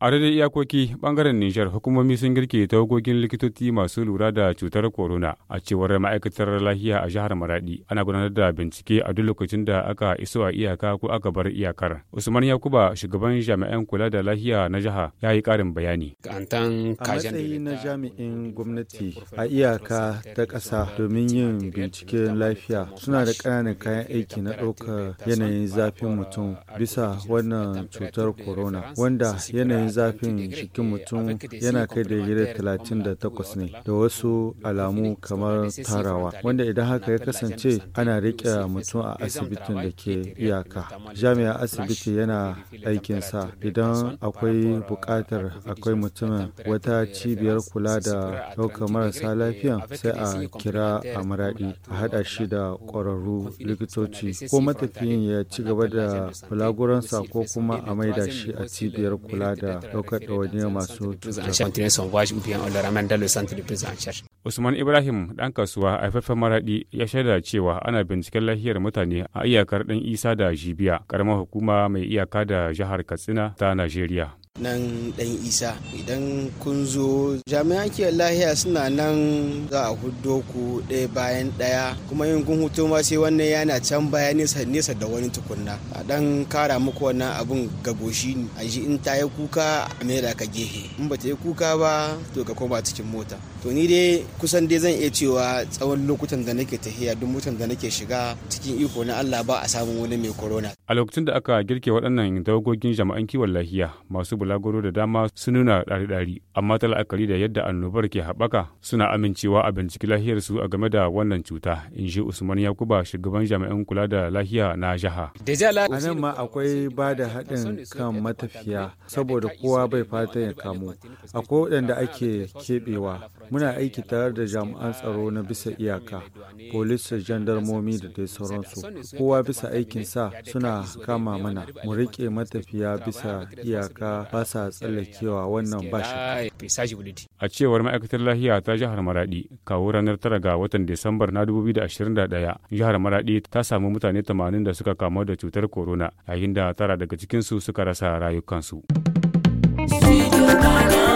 A daidai iyakoki bangaren Nijar hukumomi sun girke tawagogin likitoci masu lura da cutar corona a cewar ma'aikatar lahiya a jihar Maradi. Ana gudanar da bincike a duk lokacin da aka iso a iyaka ko aka bar iyakar. Usman Yakuba shugaban jami'an kula da lahiya na jiha ya yi karin bayani. A matsayi na jami'in gwamnati a iyaka ta ƙasa domin yin binciken lafiya suna da ƙananan kayan aiki na ɗaukar yanayin zafin mutum bisa wannan cutar corona wanda yanayin yanayin zafin jikin mutum yana kai da da 38 ne da wasu alamu kamar tarawa wanda idan haka ya kasance ana rike mutum a asibitin da ke iyaka jami'a asibiti yana aikinsa idan akwai buƙatar akwai mutumin wata cibiyar kula da ɗaukar marasa lafiya sai a kira a maraɗi a haɗa shi da ƙwararru likitoci ko matafiyin ya ci gaba da kulaguransa ko kuma a maida shi a cibiyar kula da ɗaukar ɗawainiyar masu Usman Ibrahim ɗan kasuwa a faifan maraɗi ya shaida cewa ana binciken lafiyar mutane a iyakar ɗan Isa da Jibiya, ƙaramar hukuma mai iyaka da jihar Katsina ta Najeriya. nan dan isa idan kun zo jami'an kiwon lahiya suna nan za a hudo ku ɗaya bayan ɗaya kuma yin kun hutu ma sai wannan yana can baya nesa nesa da wani tukunna a dan kara muku wannan abun ga goshi a ji in ta yi kuka a mera ka gehe in ba ta yi kuka ba to ka koma cikin mota to ni dai kusan dai zan iya cewa tsawon lokutan da nake tafiya duk motan da nake shiga cikin iko na Allah ba a samun wani mai corona a lokacin da aka girke waɗannan dawogogin jami'an kiwon lahiya masu bulaguro da dama sun nuna ɗari-ɗari amma ta la'akari da yadda annobar ke haɓaka suna amincewa a binciki su a game da wannan cuta in ji usman yakuba shugaban jami'an kula da lahiya na jiha. a nan ma akwai ba da haɗin kan matafiya saboda kowa bai fata ya kamu akwai waɗanda ake keɓewa muna aiki tare da jami'an tsaro na bisa iyaka polis da jandarmomi da dai sauransu kowa bisa aikinsa suna kama mana mu riƙe matafiya bisa iyaka ba sa tsallakewa wannan ba A cewar ma'aikatar lahiya ta jihar Maradi, kawo ranar tara ga watan Disambar na 2021, jihar Maradi ta samu mutane 80 da suka kamu da cutar corona, yayin da tara daga cikinsu suka rasa rayukansu. Studio